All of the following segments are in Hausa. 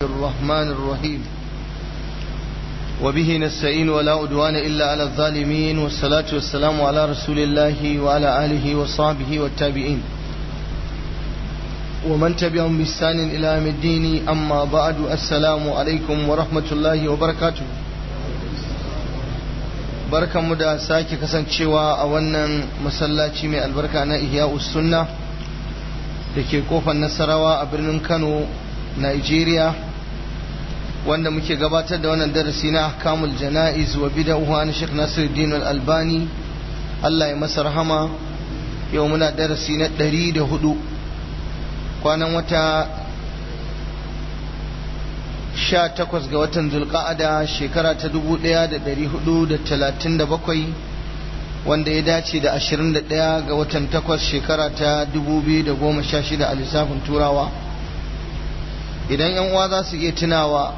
الرحمن الرحيم وبه نستعين ولا أدوان إلا على الظالمين والصلاة والسلام على رسول الله وعلى آله وصحبه والتابعين ومن تبعهم بإحسان إلى يوم الدين أما بعد السلام عليكم ورحمة الله وبركاته بركة مدى ساكي كسان شوى أولا مسلاتي من البركة أنا إحياء السنة لكي كوفا النصراوى أبرنم كانوا نيجيريا wanda muke gabatar da wannan darasi na kamul jana'iz wa uwa na Sheikh Nasiruddin Al-Albani Allah ya masa rahama yau muna darasi na da hudu kwanan wata sha takwas ga watan Zulqa'ada shekara ta dubu da da da hudu talatin bakwai wanda ya dace da ashirin da ɗaya ga watan takwas shekara ta dubu biyu da goma sha shida a lissafin turawa idan yan uwa za su iya tunawa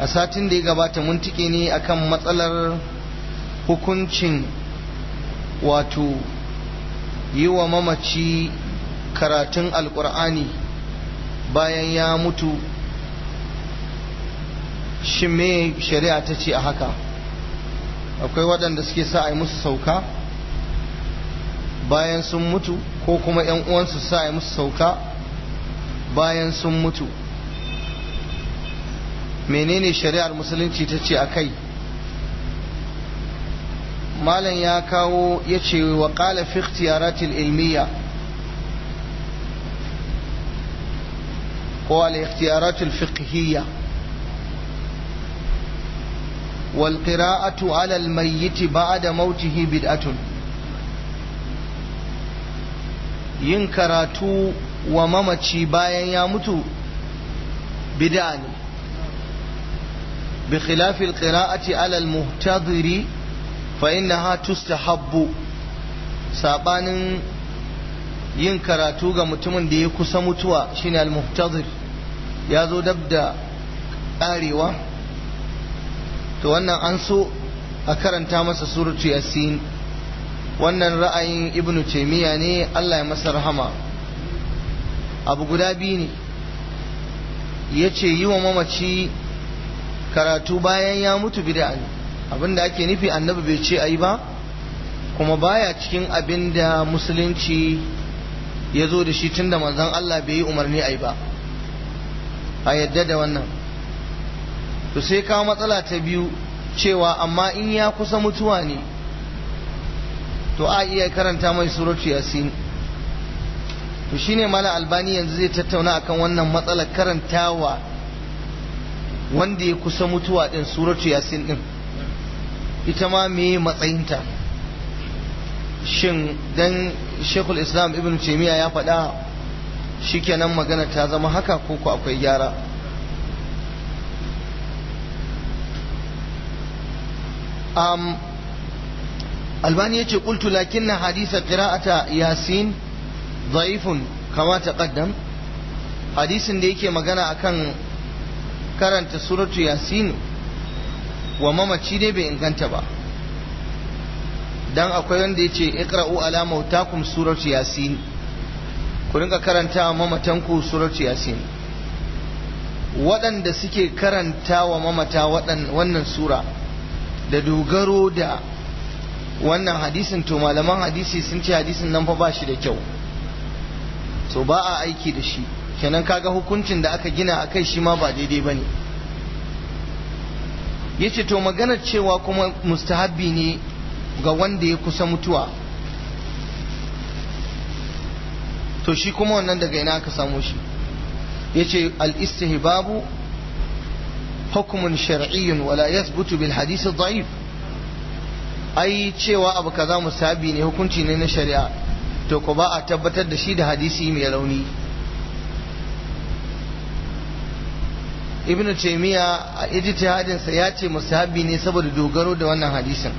a satin da ya gabata mun tike ne akan matsalar hukuncin wato yi wa mamaci karatun alkur'ani bayan ya mutu shi me shari'a ta ce a haka akwai waɗanda suke sa a yi musu sauka bayan sun mutu ko kuma 'yan uwansu sa a yi musu sauka bayan sun mutu menene shari'ar musulunci ta ce a kai malam ya kawo ya ce wa ƙala fi ikhtiyaratil ilmiya ko al ikhtiyaratil fiqhiyya wal qira'atu ala al mayyit ba'da mautihi bid'atun yin karatu wa mamaci bayan ya mutu bid'a ne بخلاف القراءة على المهتضر فإنها habbu. سابان yin karatu ga mutumin da ya kusa mutuwa shine al-muhtazir ya zo dab ƙarewa to wannan an so a karanta masa suratu yasin wannan ra'ayin ibnu taimiyya ne Allah masa rahama abu guda biyu ne ya ce yi wa mamaci karatu bayan ya mutu bid'a ne abinda ake nufi annabi bai ce ayi ba kuma baya cikin abinda musulunci ya zo da shi tunda manzan Allah bai yi umarni ayi ba a yadda da wannan to sai kawo matsala ta biyu cewa amma in ya kusa mutuwa ne to a iya karanta mai suratu yasin to shine mala albani yanzu zai tattauna akan wannan matsalar karantawa wanda ya kusa mutuwa ɗin suratu yasin ɗin ita ma mai matsayinta shin dan shekul islam ibn taimiyya ya faɗa shikenan magana ta zama haka ko ku akwai gyara um, albani ya ce ƙultu lakin na hadisa ƙira'ata yasin zaifun kama ta hadisin da yake magana akan karanta suratu yasin wa mamaci ne bai inganta ba dan akwai wanda ya ce iqra'u ala mautakum suratu yasin ku rinka karanta wa mamatanku suratu yasin waɗanda suke karanta wa mamata wannan sura da dogaro da wannan hadisin to malaman hadisi sun ce hadisin nan fa ba shi da kyau to ba a aiki da shi kenan kaga hukuncin da aka gina akai shi ma ba daidai bane yace to maganar cewa kuma mustahabbi ne ga wanda ya kusa mutuwa to shi kuma wannan daga ina aka samo shi yace al-istihbabu hukmun shar'iyyun wala yasbutu bil hadith daif ai cewa abu kaza mustahabbi ne hukunci ne na shari'a to ko ba a tabbatar da shi da hadisi mai rauni ibnu taimiya a ijtihadin ya ce musahabi ne saboda dogaro da wannan hadisin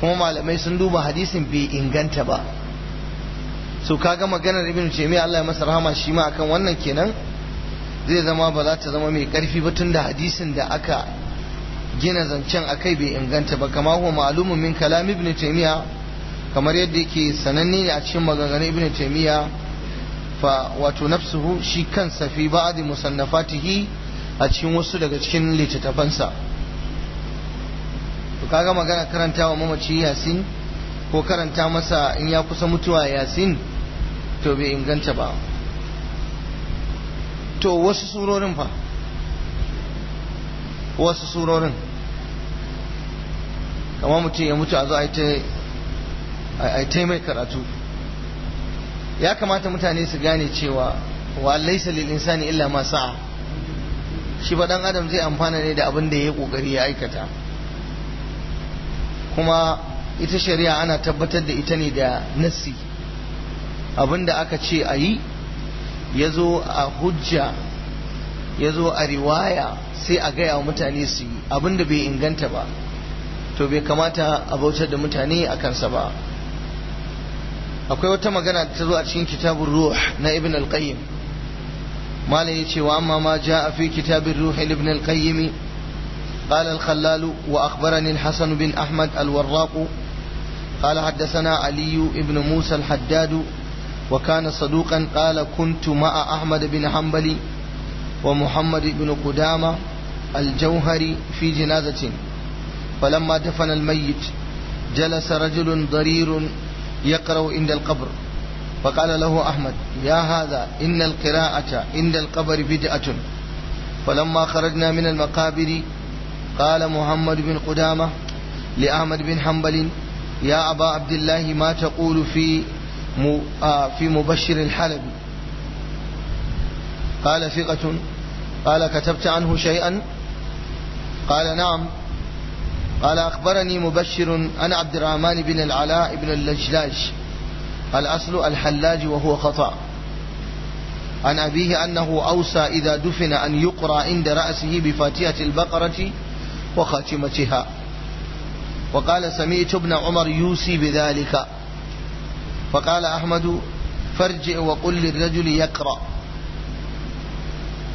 kuma malamai sun duba hadisin bai inganta ba so kaga maganar ibnu taimiya Allah ya masa rahama shi ma akan wannan kenan zai zama ba za ta zama mai karfi ba da hadisin da aka gina zancen akai bai inganta ba kama huwa ma'lumun min kalam ibnu taimiya kamar yadda yake sananne ne a cikin maganganun ibnu taimiya fa wato nafsuhu shi kansa fi ba'd musannafatihi a cikin wasu daga cikin littattafansa to kaga magana karanta wa mamaci yasin ko karanta masa in ya kusa mutuwa yasin to bai inganta ba to wasu surorin fa wasu surorin kamar mutum ya mutu a zo a yi mai karatu ya kamata mutane su gane cewa wa laisa lil insani illa ma sa'a shi fa dan adam zai amfana ne da abin da ya kokari ya aikata kuma ita shari'a ana tabbatar da ita ne da nassi abin da aka ce a yi ya zo a hujja ya zo a riwaya sai a gaya wa mutane su yi abin da bai inganta ba to bai kamata a bautar da mutane a kansa ba akwai wata magana da ta zo a cikin kitabun ruh na ibn al-qayyim ما يتي وأما ما جاء في كتاب الروح لابن القيم قال الخلال وأخبرني الحسن بن أحمد الوراق قال حدثنا علي بن موسى الحداد وكان صدوقا قال كنت مع أحمد بن حنبل ومحمد بن قدامة الجوهري في جنازة فلما دفن الميت جلس رجل ضرير يقرأ عند القبر فقال له أحمد يا هذا إن القراءة عند القبر بدعة فلما خرجنا من المقابر قال محمد بن قدامة لأحمد بن حنبل يا أبا عبد الله ما تقول في في مبشر الحلبي قال ثقة قال كتبت عنه شيئا قال نعم قال أخبرني مبشر أنا عبد الرحمن بن العلاء بن اللجلاج الأصل الحلاج وهو خطأ عن أبيه أنه أوصى إذا دفن أن يقرأ عند رأسه بفاتحة البقرة وخاتمتها وقال سمعت ابن عمر يوصي بذلك فقال أحمد فارجع وقل للرجل يقرأ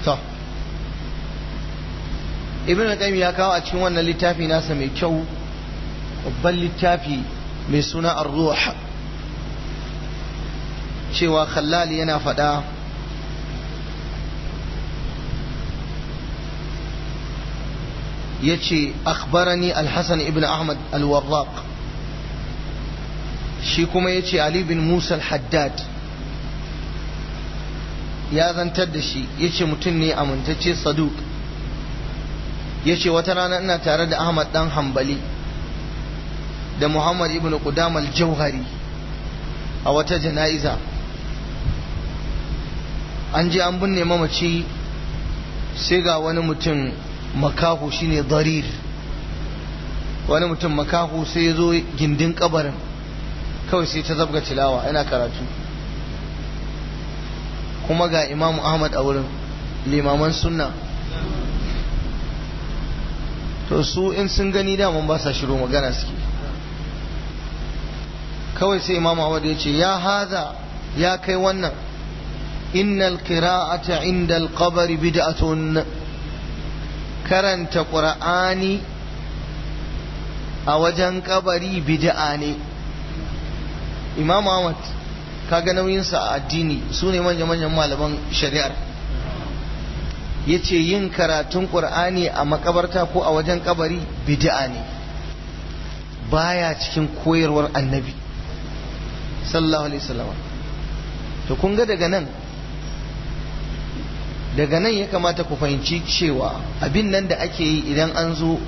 صح ibn al-qayyim ya kawo a cikin wannan littafi nasa mai kyau babban littafi mai suna ar-ruh cewa khallali yana faɗa ya ce akhbarani alhassan ibn ahmad alwarraq shi kuma ya ce ali bin musa haddad ya zantar da shi ya ce mutum ne amintacce saduk ya ce wata rana ina tare da ahmad dan hambali da muhammad ibn qudam al-jauhari a wata jana'iza an je an binne mamaci sai ga wani mutum makahu shine darir wani mutum makahu sai ya zo gindin kabarin kawai sai ta zabga tilawa yana karatu kuma ga imamu ahmad a wurin limaman sunna to su in sun gani daman ba sa shiru magana suke kawai sai imamu ahmad ya ce ya haza ya kai wannan إن القراءة عند القبر بدعة كرنت قرآني أوجن قبري بدعاني إمام أحمد kaga nauyinsa a addini من ne manya malaman shari'ar ya ce yin karatun ƙur'ani a makabarta ko a wajen kabari bid'a ne baya cikin koyarwar annabi sallallahu alaihi wasallam to kun ga daga nan daga nan ya kamata ku fahimci cewa abin nan da ake yi idan an zo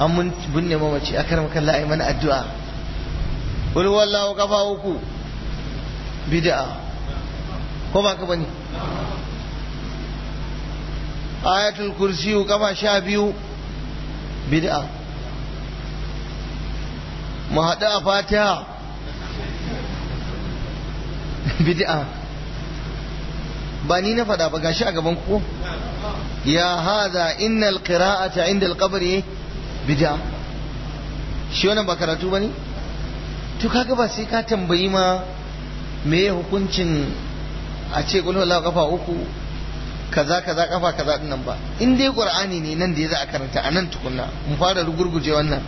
an binne mamaci a karam kan ai mana addu'a qul wallahu kafa uku bid'a ko ba ka bane ayatul kursi kafa sha biyu bid'a mu haɗu a fatiha bid'a ba ni na faɗa ba gashi a gaban ku ya haza innal qira'ata inda alqabri bid'a shi wannan ba karatu bane to kaga ba sai ka tambayi ma me hukuncin a ce kullu la kafa uku kaza kaza kafa kaza din nan ba in dai qur'ani ne nan da ya za a karanta anan tukunna mu fara rugurguje wannan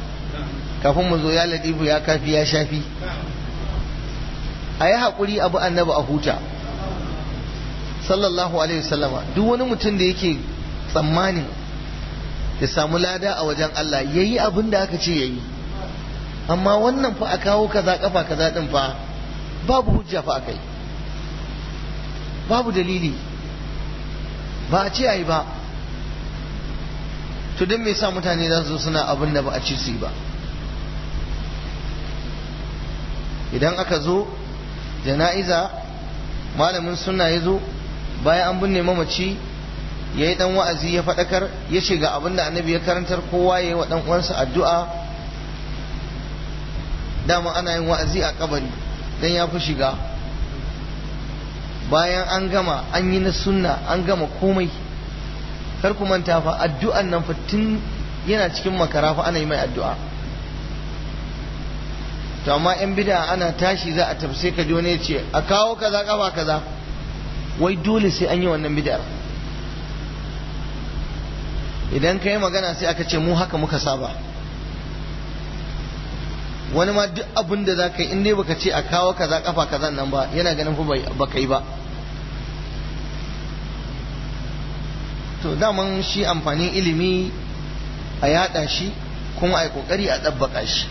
kafin mu zo ya ladifu ya kafi ya shafi a yi haƙuri abu annabi a huta sallallahu alaihi wasallama duk wani mutum da yake tsammanin ya samu lada a wajen Allah yayi abin da aka ce yayi amma wannan fa a kawo kaza kafa kaza din fa babu hujja fa akai babu dalili ba a ce ayi ba to don me yasa mutane za su suna abin da ba a ci su yi ba idan aka zo jana'iza malamin suna ya zo bayan an binne mamaci ya yi dan wa'azi ya faɗakar ya shiga abin da annabi ya karantar kowa ya yi wa uwansa addu'a dama ana yin wa'azi a kabari dan ya fi shiga bayan an gama an yi na sunna an gama komai kar ku manta fa addu'an nan fa tun yana cikin makara ana yi mai addu'a to amma yan bida ana tashi za a tafse ka ji wani ya ce a kawo kaza kafa kaza wai dole sai an yi wannan bid'ar idan ka yi magana sai aka ce mu haka muka saba wani ma duk abin da za ka yi in dai baka ce a kawo kaza kafa kaza nan ba yana ganin fa baka yi ba to daman shi amfanin ilimi a yada shi kuma a yi kokari a ɗabbaka shi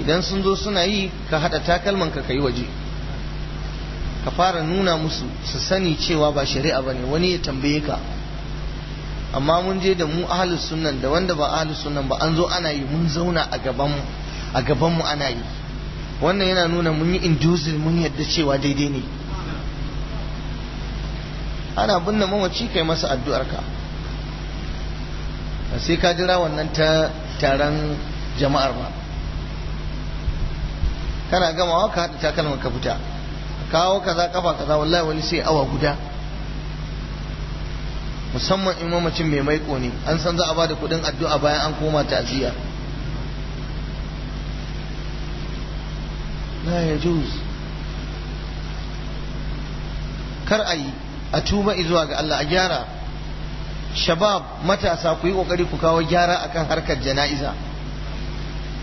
idan sun zo suna yi ka haɗa takalman ka yi waje ka fara nuna musu su sani cewa ba shari'a bane wani ya tambaye ka amma mun je da mu ahalus sunan da wanda ba ahalus sunan ba an zo ana yi mun zauna a gaban mu ana yi wannan yana nuna mun yi induzil mun yadda cewa daidai ne ana binne mamaci kai masa addu'ar ka sai ka jira wannan ta taron jama'ar ba kana gamawa ka haɗa takalman ka fita kawo kaza kafa kaza wallahi wani sai awa guda musamman in mamacin mai maiko ne an san za a bada kudin addu'a bayan an koma ta'ziya la yajuz kar ayi a tuba zuwa ga Allah a gyara shabab matasa ku yi kokari ku kawo gyara akan harkar jana'iza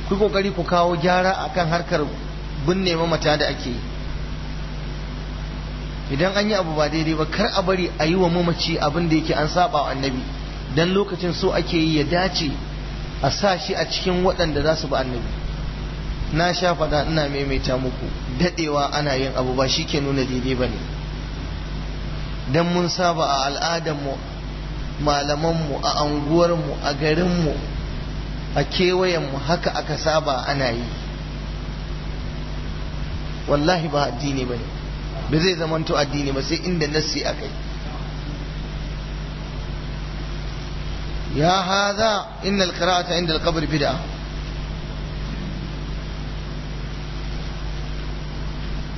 ku yi kokari ku kawo gyara akan harkar binne mamata da ake yi idan an yi abu ba daidai ba kar a bari a yi wa mamaci abin da yake an saba wa annabi dan lokacin so ake yi ya dace a sa shi a cikin waɗanda za su ba annabi na sha faɗa ina maimaita muku daɗewa ana yin abu ba shi ke nuna daidai ba ne dan mun saba a al'adarmu malamanmu a anguwarmu a garinmu a kewayenmu haka aka saba ana yi wallahi ba addini ba ne ba zai zamanto addini ba sai inda nassi akai ya hadha inna alqira'ata inda alqabr bid'a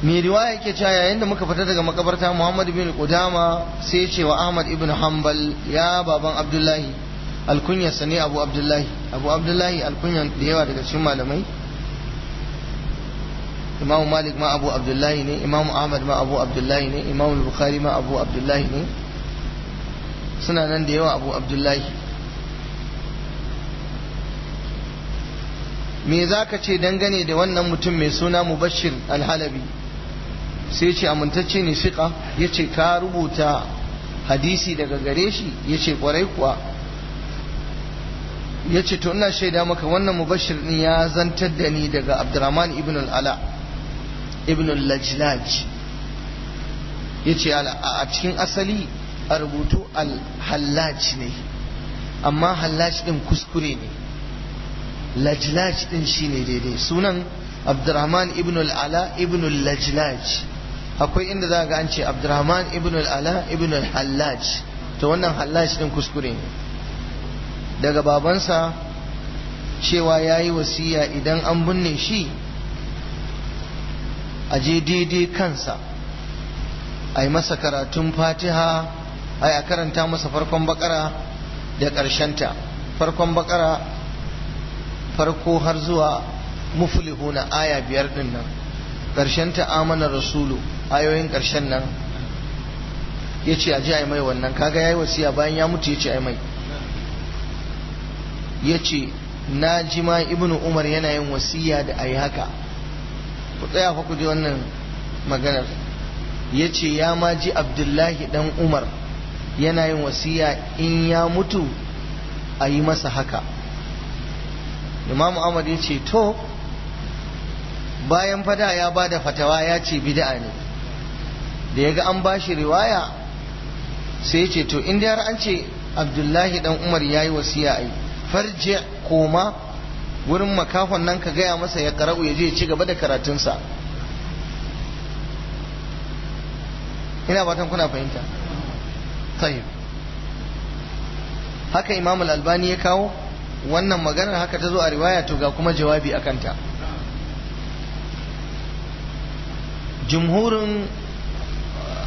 mai riwaya yake cewa yayin da muka fita daga makabarta Muhammad bin Qudama sai ce wa Ahmad ibn Hanbal ya baban Abdullahi alkunyarsa ne Abu Abdullahi Abu Abdullahi alkunyan da yawa daga cikin malamai imamu malik ma abu abdullahi ne imamu ahmad ma abu abdullahi ne imamu bukhari ma abu abdullahi ne suna nan da yawa abu abdullahi me za ka ce dangane da wannan mutum mai suna mubashir alhalabi sai ce amintacce ne shiƙa ya ce ka rubuta hadisi daga gare shi ya ce ƙwarai kuwa ya ce to ina shaida maka wannan mubashir ɗin ya zantar da ni daga abdurrahman ibn al'ala ibn al-lajlaj yace a cikin asali a rubutu al-hallaj ne amma hallaj din kuskure ne lajlaj din shine daidai sunan abdurrahman ibn al'ala ibn al-lajlaj akwai inda za ga an ce abdurrahman ibn al'ala ibn al-hallaj ta wannan hallaj din kuskure ne daga babansa cewa ya yi wasiya idan an binne shi a je daidai kansa a yi masa karatun fatiha a a karanta masa farkon bakara da ta farkon bakara farko har zuwa na aya biyar din nan ta amana rasulu ayoyin ƙarshen nan ya ce a ji a yi mai wannan kaga ya yi wasiya bayan ya mutu ya ce a yi mai ya ce na ji ma ibnu umar yana yin wasiya da a yi haka ku tsaya fa ku ji wannan maganar ya ce ya ma ji abdullahi dan umar yana yin wasiya in ya mutu a yi masa haka imam ahmad ya ce to bayan fada ya ba da fatawa ya ce bid'a ne da ya ga an ba shi riwaya sai ya ce to in har an ce abdullahi dan umar ya yi wasiya a yi farje koma wurin makahon nan ka gaya masa ya karau ya je ya ci gaba da karatunsa ina fatan kuna fahimta sahib haka imam albani ya kawo wannan maganar haka ta zo a riwaya to ga kuma jawabi a kanta jumhurin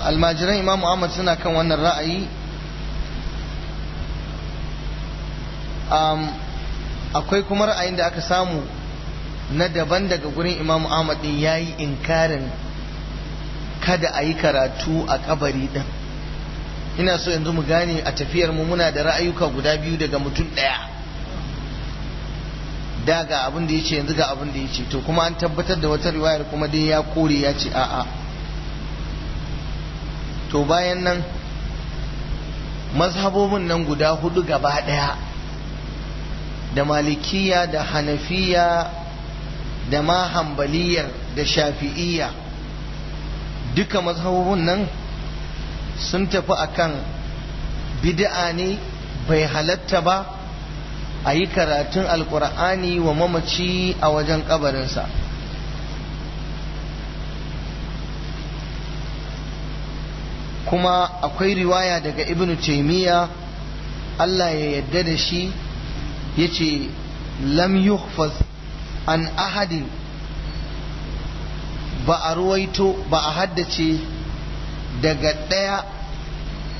almajiran imam ahmad suna kan wannan ra'ayi akwai kuma ra'ayin da aka samu na daban daga gurin imamu ahmad din yayi inkarin kada a yi karatu a kabari din ina so yanzu mu gane a tafiyar mu muna da ra'ayuka guda biyu daga mutum ɗaya da ga abin da ya ce yanzu ga abin da ya ce to kuma an tabbatar da wata riwayar kuma dai ya kore ya ce a'a to bayan nan mazhabobin nan guda hudu gaba ɗaya da malikiya da hanafiya da ma hambaliyar da shafi'iyya duka mazhabobin nan sun tafi akan bid'a ne bai halatta ba a yi karatun alkur'ani wa mamaci a wajen kabarinsa kuma akwai riwaya daga ibnu taimiyya Allah ya yadda da shi yace lam yukhfaz an ahadin ba a ruwaito ba a haddace daga ɗaya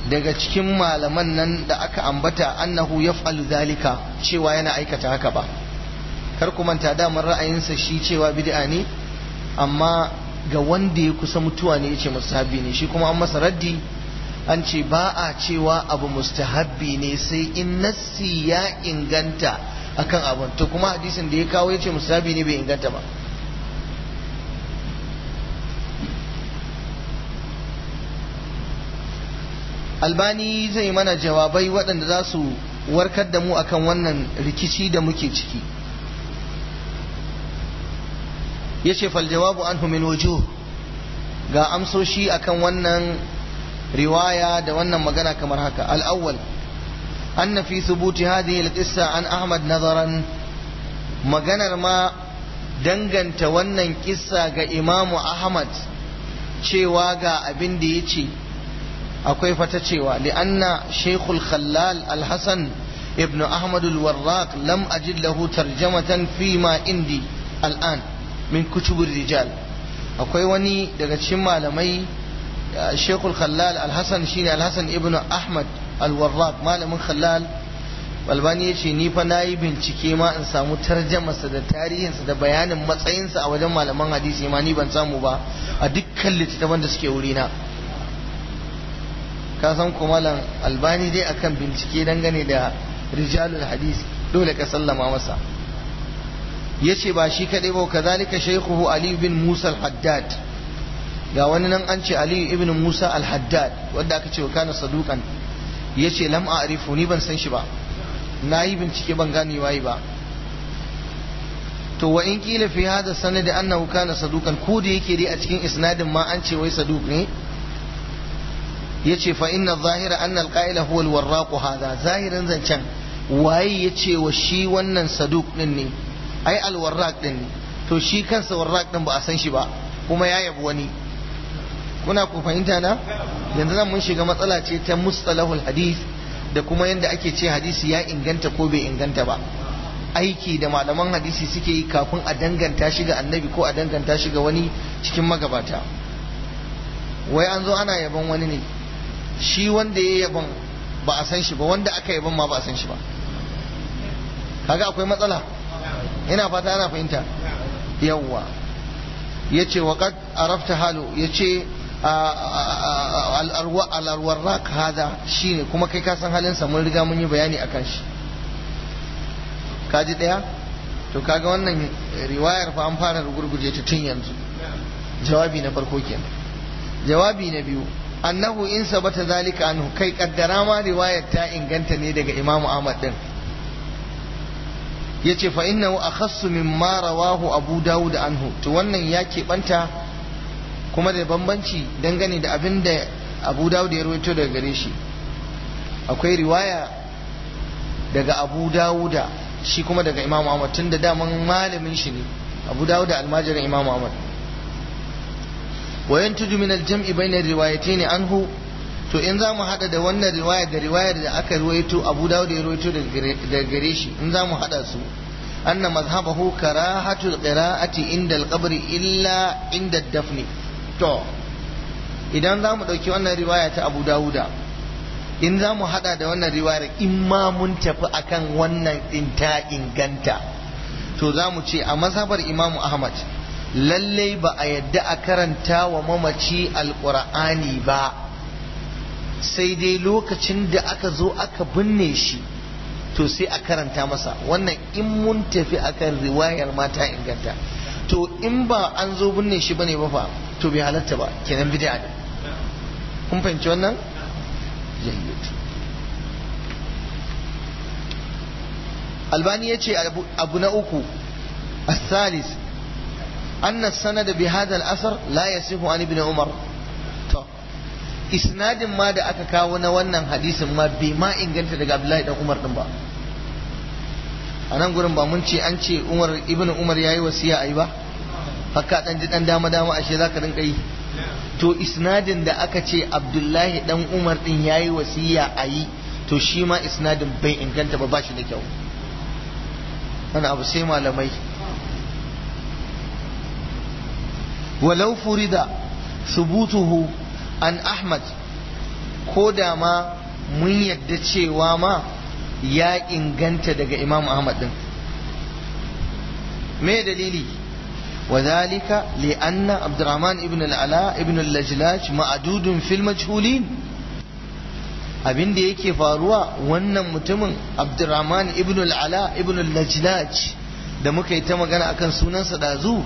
daga cikin malaman nan da aka ambata annahu yaf'al zalika cewa yana aikata haka ba kar ku manta damar ra'ayinsa shi cewa bid'a ne amma ga wanda ya kusa mutuwa ne yace musahabi ne shi kuma an masa raddi an ce ba a cewa abu mustahabbi ne sai in nassi ya inganta akan abun to kuma hadisin da ya kawo ya ce mustahabbi ne bai inganta ba albani zai mana jawabai waɗanda za su warkar da mu akan wannan rikici da muke ciki ya ce faljawabu an min ga amsoshi akan wannan riwaya da wannan magana kamar haka al-awwal anna fi thubuti hadhihi al-qissa an Ahmad nazaran maganar ma danganta wannan kissa ga Imam Ahmad cewa ga abin da yace akwai fata cewa li'anna Sheikhul Khallal al-Hasan ibn Ahmad al-Warraq lam ajid lahu tarjamatan fi ma indi al'an min kutubur rijal akwai wani daga cikin malamai shekul khallal alhassan shine alhassan Ibnu ahmad alwarraq malamin khallal albani ya ce ni fa na yi bincike ma in samu tarjamarsa da tarihinsa da bayanin matsayinsa a wajen malaman hadisi ma ni ban samu ba a dukkan littattafan da suke wurina ka san ko albani dai akan bincike dangane da rijalul hadis dole ka sallama masa yace ba shi kaɗai ba kazalika shaykhuhu ali bin musa al-haddad ga wani nan an ce aliyu ibn musa al-haddad wanda aka ce wa kana sadukan ya ce lam a'rifu ni ban san shi ba na yi bincike ban gane waye ba to wa in kila fi hada sanadi annahu kana sadukan ko da yake dai a cikin isnadin ma an ce wai saduk ne yace fa inna zahira anna alqaila huwa alwarraq hada zahirin zancen waye yace wa shi wannan saduk din ne ai alwarraq din ne to shi kansa warraq din ba a san shi ba kuma ya yabi wani kuna ku fahimta na yanzu zan mun shiga matsala ce ta mustalahul hadith da kuma yanda ake ce hadisi ya inganta ko bai inganta ba aiki da malaman hadisi suke yi kafin a danganta shi ga annabi ko a danganta shi ga wani cikin magabata wai an zo ana yabon wani ne shi wanda ya yabon ba a san shi ba wanda aka yabon ma ba a san shi ba kaga akwai matsala ina fata ana fahimta yawwa yace waqad arafta halu yace al'arwarrak hada shi ne kuma kai kasan halinsa mun riga mun yi bayani a kan shi kaji ɗaya to kaga wannan riwayar fa an fara gurguje ta tun yanzu jawabi na farko kenan jawabi na biyu annahu in sabata zalika anhu kai kaddara ma riwayar ta inganta ne daga imamu ahmad din yace fa innahu akhassu mimma rawahu abu dawud anhu to wannan ya keɓanta kuma da bambanci dangane da abin da abu dawud ya rawaito daga gare shi akwai riwaya daga abu dawuda shi kuma daga imam ahmad tun da daman malamin shi ne abu dawuda almajirin imam ahmad wa yantuju min aljam'i bayna riwayatayn anhu to in za mu hada da wannan riwaya da riwayar da aka ruwaito abu dawud ya ruwaito daga gare shi in za mu hada su anna mazhabahu karahatu qira'ati inda alqabri illa inda dafni to idan za mu ɗauki wannan riwaya ta abu dawuda in za mu haɗa da wannan riwayar in ma mun tafi akan wannan din ta inganta to za mu ce a mazhabar Imam ahmad lallai ba a yadda a karanta wa mamaci alƙur'ani ba sai dai lokacin da aka zo aka binne shi to sai a karanta masa wannan in mun tafi akan riwayar mata inganta to in ba an zo binne shi bane ba fa to bai halatta ba kenan bid'a ne kun fahimci wannan jayyid albani ya ce abu na uku bi hadha al بهذا la yasihu an ibn Umar to isnadin ma da aka kawo na wannan hadisin ma bai ma inganta daga Abdullahi dan Umar din ba a nan gurin ba mun ce an ce umar ibn umar yayi wasiya ayi ba haka dan ji dan dama dama ashe zaka rinka yi to isnadin da aka ce abdullahi dan umar din yayi wasiya ayi to shi ma isnadin bai inganta ba bashi da kyau wani abu sai malamai walau furida subutuhu an ahmad ko da ma mun yadda cewa ma ya inganta daga imam ahmad din me dalili Wazalika لأن Abdurahman الرحمن ابن العلاء ابن اللجلاج معدود في المجهولين abin da yake faruwa wannan mutumin abdurrahman ibn al-Ala ibn al-lajlaj da muka yi ta magana akan sunansa dazu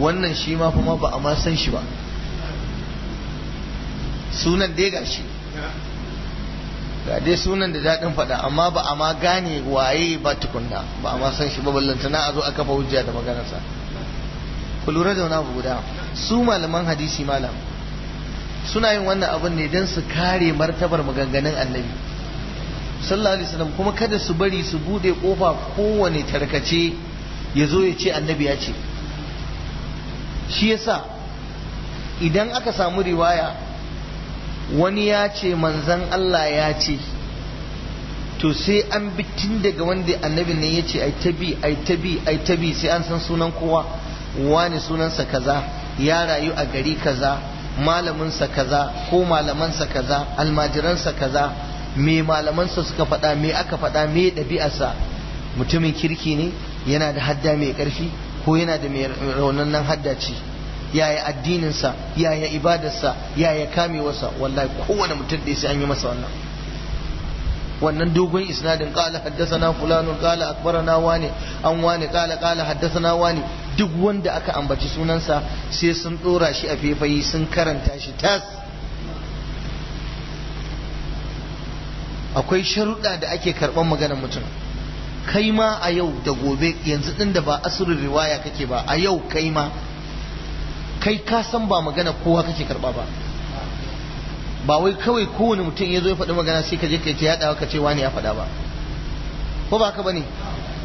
wannan shi ma fa ba a ma san shi ba sunan dai gashi ga dai sunan da daɗin faɗa amma ba a ma gane waye ba tukunna ba a ma san shi ba na a zo a kafa hujja da maganarsa ku lura da wani abu guda su malaman hadisi malam suna yin wannan abin ne don su kare martabar maganganun annabi sallallahu alaihi wasallam kuma kada su bari su bude kofa kowane tarkace ya zo ya ce annabi ya ce shi yasa idan aka samu riwaya wani ya ce manzan Allah ya ce to sai an bi tun daga wanda annabi ne ya ce ai ta ai tabi ai tabi sai an san sunan kowa wani sunansa kaza ya rayu a gari kaza malaminsa kaza ko malamansa kaza almajiransa kaza me malamansa suka faɗa me aka faɗa me ɗabi'arsa mutumin kirki ne yana da hadda mai ƙarfi ko yana da mai raunannan hadda yaya addininsa yaya ibadarsa yaya kamewarsa wallahi kowane mutum da sai an yi masa wannan wannan dogon isnadin qala haddathana fulanun qala akbarana wani an wani qala qala haddathana wani duk wanda aka ambaci sunansa sai sun dora shi a fefayi sun karanta shi tas akwai sharuɗa da ake karɓar maganar mutum kai ma a yau da gobe yanzu ɗin da ba asirin riwaya kake ba a yau kai ma kai ka san ba magana kowa kake karba ba ba wai kawai kowane mutum ya zo ya faɗi magana sai ka je kai ta yaɗawa ka ce wani ya faɗa ba ko ba ka bane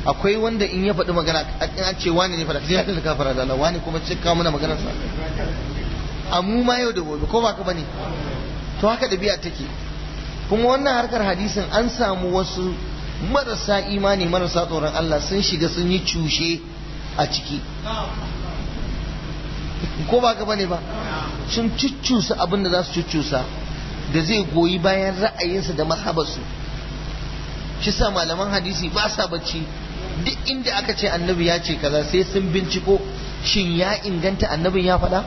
akwai wanda in ya faɗi magana in an ce wani ne faɗa sai ya kalli kafara da Allah wani kuma cika mana maganar sa a mu ma yau da gobe ko ba ka bane to haka ɗabi'a take kuma wannan harkar hadisin an samu wasu marasa imani marasa tsoron Allah sun shiga sun yi cushe a ciki ko ba ka bane ba sun cuccusa abin da za su cuccusa da zai goyi bayan ra'ayinsa da mazhabarsu shi sa malaman hadisi ba sa bacci duk inda aka ce annabi ya ce kaza sai sun binciko shin ya inganta annabin ya faɗa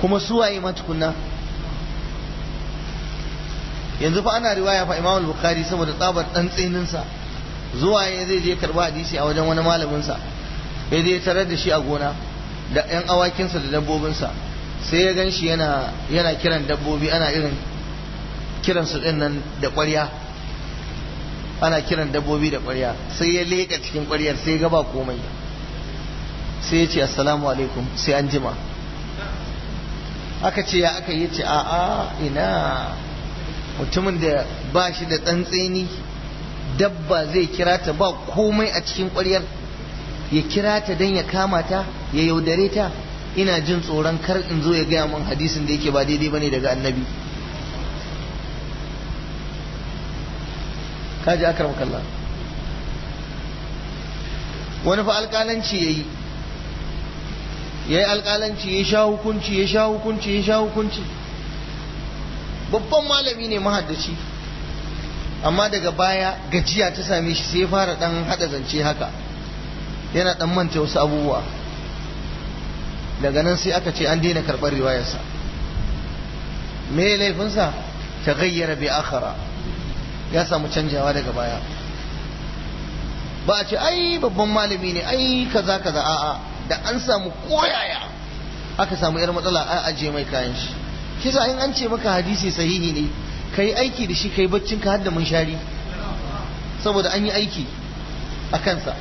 kuma suwaye ma tukunna yanzu fa ana riwaya fa Imam Bukhari saboda tsabar dan tsininsa zuwa ya zai je karba hadisi a wajen wani malamin sa ya je tarar da shi a gona da yan awakinsa da dabbobinsa sai ya gan shi yana kiran dabbobi ana irin kiran su din nan da ƙwarya ana kiran dabbobi da ƙwarya sai ya leƙa cikin ƙwaryar sai ga ba komai sai ya ce assalamu alaikum sai an jima aka ce ya aka yi ce a'a ina mutumin da ba shi da tsantseni dabba zai kira ta ba komai a cikin ƙwaryar ya kira ta dan ya kama ta ya yaudare ta ina jin tsoron kar in zo ya gaya min hadisin da yake ba daidai bane daga annabi kaji akram kalla. wani fa alƙalanci Ya yi alƙalanci ya sha hukunci ya sha hukunci ya sha hukunci babban malami ne mahaddaci amma daga baya gajiya ta same shi sai ya fara dan hada zance haka yana dan manta wasu abubuwa daga nan sai aka ce an daina karɓar riwayarsa me laifinsa ta gayyara bi akhara ya samu canjawa daga baya ba a ce ai babban malami ne ai kaza kaza a'a da an samu koyaya aka samu yar matsala a aje mai kayan shi kisa in an ce maka hadisi sahihi ne kai aiki da shi kai baccin ka hadda mun shari saboda an yi aiki a kansa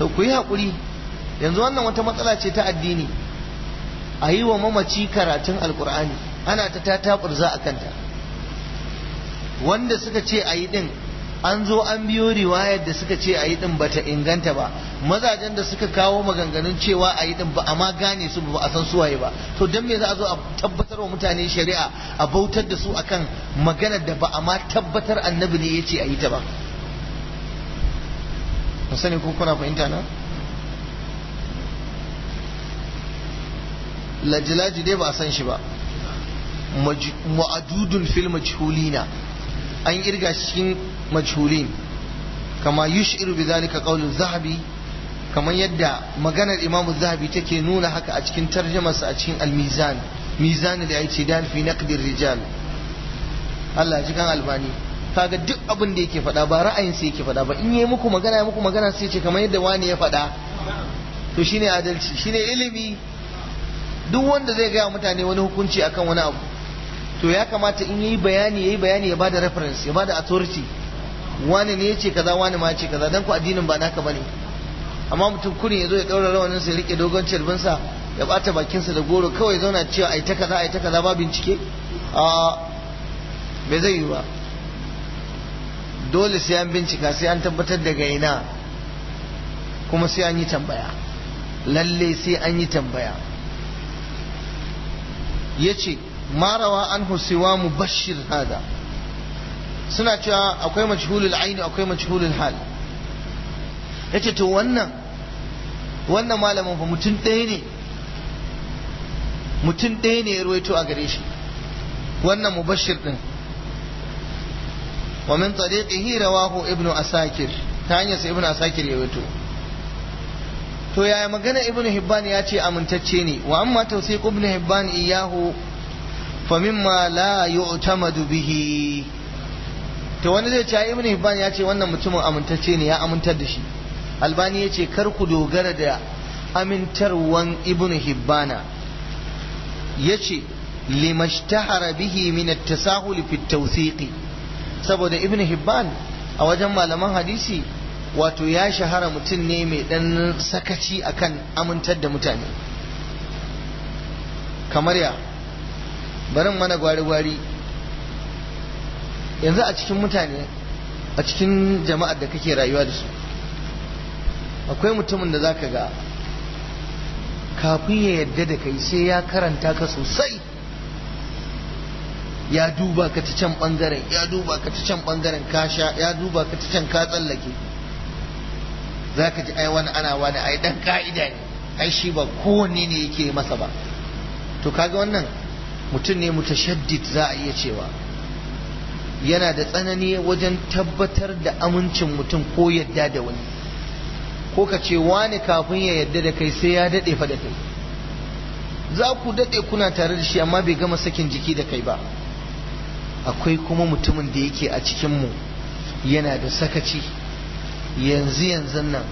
to ku yi haƙuri yanzu wannan wata matsala ce ta addini a yi wa mamaci karatun alkur'ani ana ta ta tataɓurza a kanta wanda suka ce a yi ɗin an zo an biyo riwayar da suka ce a yi ɗin bata inganta ba mazajen da suka kawo maganganun cewa a yi ɗin ba a gane su ba a san waye ba to don me za a zo a tabbatar wa mutane shari'a a bautar da su akan maganar da ba a ma tabbatar annabi ne ya ce a yi ta ba ku sani ko kuna fahimta na lajilaji dai ba a san shi ba mu'adudun fil majhulina an irga cikin majhulin kama yushiru bi zalika qawlu zahabi kamar yadda maganar imam zahabi take nuna haka a cikin tarjamarsa a cikin al-mizan mizan da ya ce dan fi naqdir rijal Allah ji kan albani kaga duk abin da yake faɗa ba ra'ayin sai yake faɗa ba in yi muku magana ya muku magana sai ce kamar yadda wani ya faɗa to shine adalci shine ilimi duk wanda zai gaya mutane wani hukunci akan wani abu to ya kamata in yi bayani yayi bayani ya bada reference ya bada authority wani ne yace kaza wani ma yace kaza dan ku addinin ba naka bane amma mutum kurin yazo ya daura rawanin sa ya rike dogon cirbinsa ya bata bakinsa da goro kawai zauna cewa ai ta kaza ai ta kaza ba bincike a bai zai yi ba dole sai an bincika sai an tabbatar daga ina kuma sai an yi tambaya lalle sai an yi tambaya ya ce marawa an husewa mu bashir hada suna cewa akwai majhulul aini akwai majhulul hal ya ce to wannan wannan malamin fa mutum ɗaya ne mutum ɗaya ne ya ruwaito a gare shi wannan mubashir ɗin wa min رواه ابن ibnu asakir ta hanyar sa ibnu asakir ya wato to yaya magana ibnu hibban ya ce amintacce ne wa amma يعتمد به hibban fa bihi to wani zai ce ibnu hibban ya ce wannan mutumin amintacce ne ya amintar da shi albani ya ce kar ku dogara da amintarwan ibnu hibbana ya ce limashtahara bihi min at-tasahul fi at tawthiqi saboda ibn hibban a wajen malaman hadisi wato ya shahara mutum ne mai dan sakaci akan amintar da mutane kamar ya barin mana gwari-gwari yanzu a cikin mutane a cikin jama'ar da kake rayuwa da su akwai mutumin da za ka ga kafin ya yadda da kai sai ya karanta ka sosai ya duba ka ta can bangaren ya duba ka ta can bangaren ka ya duba ka ta can ka tsallake za ka ji ai wani ana wani ai dan ka'ida ne ai shi ba kowanne ne yake masa ba to kaga wannan mutum ne mutashaddid za a iya cewa yana da tsanani wajen tabbatar da amincin mutum ko yadda da wani ko ka ce wani kafin ya yadda da kai sai ya daɗe fa da kai za ku daɗe kuna tare da shi amma bai gama sakin jiki da kai ba akwai kuma mutumin da yake a cikinmu yana da sakaci yanzu yanzu nan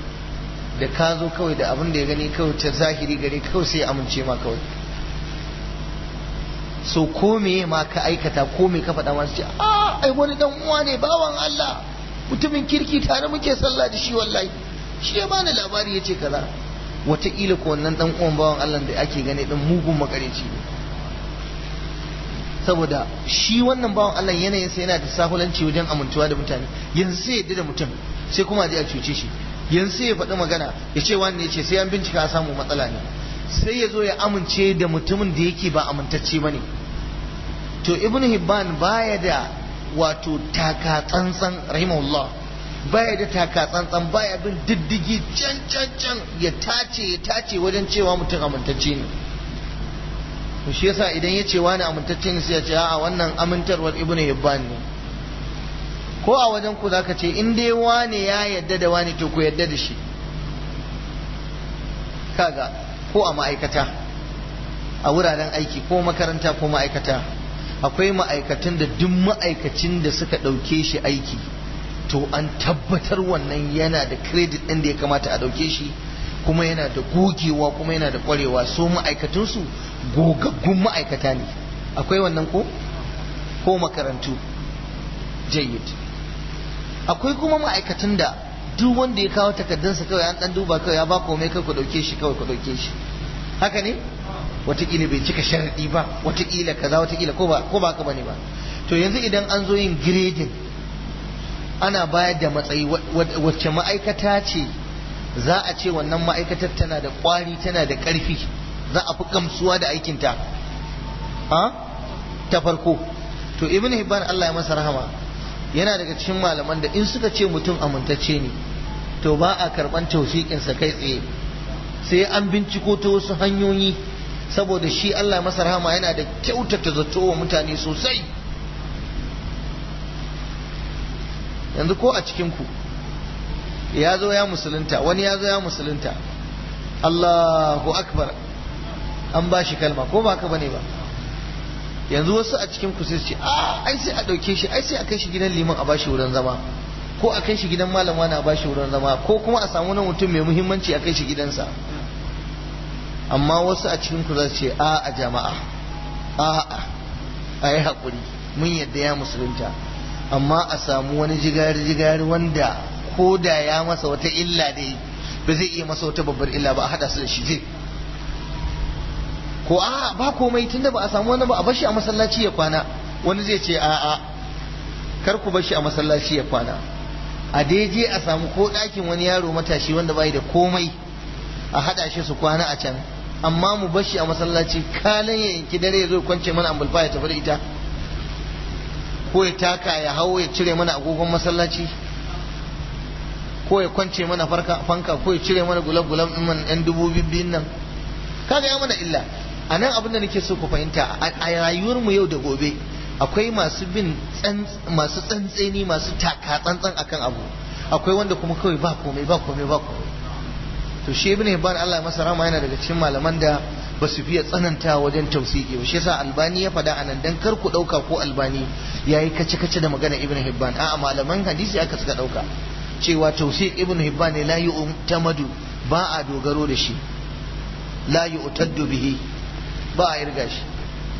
da ka zo kawai da abin da ya gani kawai ta zahiri gare kawai sai amince ma kawai so ko me ma ka aikata ko me ka faɗa masu ce a ah, ai wani dan uwa ne bawan Allah mutumin kirki tare muke sallah da shi wallahi shi ya bani labari ya ce kaza wataƙila ko wannan dan uwan bawan Allah da ake gani dan mugun makareci ne saboda shi wannan bawan Allah yanayin sa yana da sahulanci wajen amintuwa da mutane yanzu sai yadda da mutum sai kuma a cuce shi yanzu sai ya faɗi magana ya ce wani ya ce sai an bincika a samu matsala ne sai ya zo ya amince da mutumin da yake ba amintacce ba ne to ibn hibban baya da wato taka tsantsan rahimahullah baya da taka tsantsan baya bin diddigi can can can ya tace ya tace wajen cewa mutum amintacce ne to shi yasa idan ya ce wani amintacce ne sai ya ce a wannan amintarwar ibnu hibban ne ko a wajen ku zaka ce in dai wani ya yadda da wani to ku yadda da shi kaga ko a ma'aikata a wuraren aiki ko makaranta ko ma'aikata akwai ma'aikatan da duk ma'aikacin da suka ɗauke shi aiki to an tabbatar wannan yana da credit ɗin da ya kamata a ɗauke shi kuma yana da gogewa kuma yana da kwarewa so ma'aikatunsu gogaggun ma'aikata ne akwai wannan ko ko makarantu jayyid akwai kuma ma'aikatan da duk wanda ya kawo takardunsa kawai an dan duba kawai ya ba komai kai ku dauke shi kawai ku dauke shi haka ne Wataƙila bai cika sharadi ba wataƙila kaza wataƙila ko ba ko ba haka bane ba to yanzu idan an zo yin grading ana bayar da matsayi wacce ma'aikata ce za a ce wannan ma'aikatar tana da ƙwari tana da ƙarfi za a fi gamsuwa da aikinta a ta farko to ibn hibban Allah ya masa rahama yana daga cikin malaman da in suka ce mutum amintacce ne to ba a karɓan tausikinsa kai tsaye sai an binciko ta wasu hanyoyi saboda shi Allah ya masa rahama yana da kyautata zato wa mutane sosai yanzu ko a cikinku ya zo ya musulunta wani ya zo ya musulunta Allahu akbar an ba shi kalma ko ba ka bane ba yanzu wasu a cikin ku sai ce a ah, ai sai a dauke shi ai sai a kai shi gidan liman a bashi wurin zama ko a kai shi gidan malama na bashi wurin zama ko kuma a samu wani mutum mai muhimmanci a kai shi gidansa amma wasu a cikin ku za su ce a ah, a jama'a a ah, a yi haƙuri mun yadda ya musulunta amma a samu wani jigari jigari wanda ko da ya masa wata illa dai ba zai iya masa wata babbar illa ba a hada su da shi zai ko a ba komai tun da ba a samu wani ba a bashi a masallaci ya kwana wani zai ce a a kar ku bashi a masallaci ya kwana a daidai a samu ko ɗakin wani yaro matashi wanda bai da komai a hada shi su kwana a can amma mu bashi a masallaci kalan ya yanki dare ya zo kwance mana ambulfa ya tafi da ita ko ya taka ya hawo ya cire mana agogon masallaci ko ya kwance mana farka fanka ko ya cire mana gulab gulab din yan dubu biyun nan kaga ya mana illa a nan abin da nake so ku fahimta a rayuwar mu yau da gobe akwai masu bin masu tsantseni masu taka tsantsan akan abu akwai wanda kuma kawai ba komai ba komai ba komai to shi ibn hibban Allah masa rama yana daga cikin malaman da ba su fiye tsananta wajen tausiki ba shi yasa albani ya fada anan dan kar ku ɗauka ko albani yayi kace kace da magana ibn hibban a'a malaman hadisi aka suka ɗauka cewa tawsiq ibn hibban ne la yu'tamadu ba a dogaro da shi la yu'taddu bihi ba a irga shi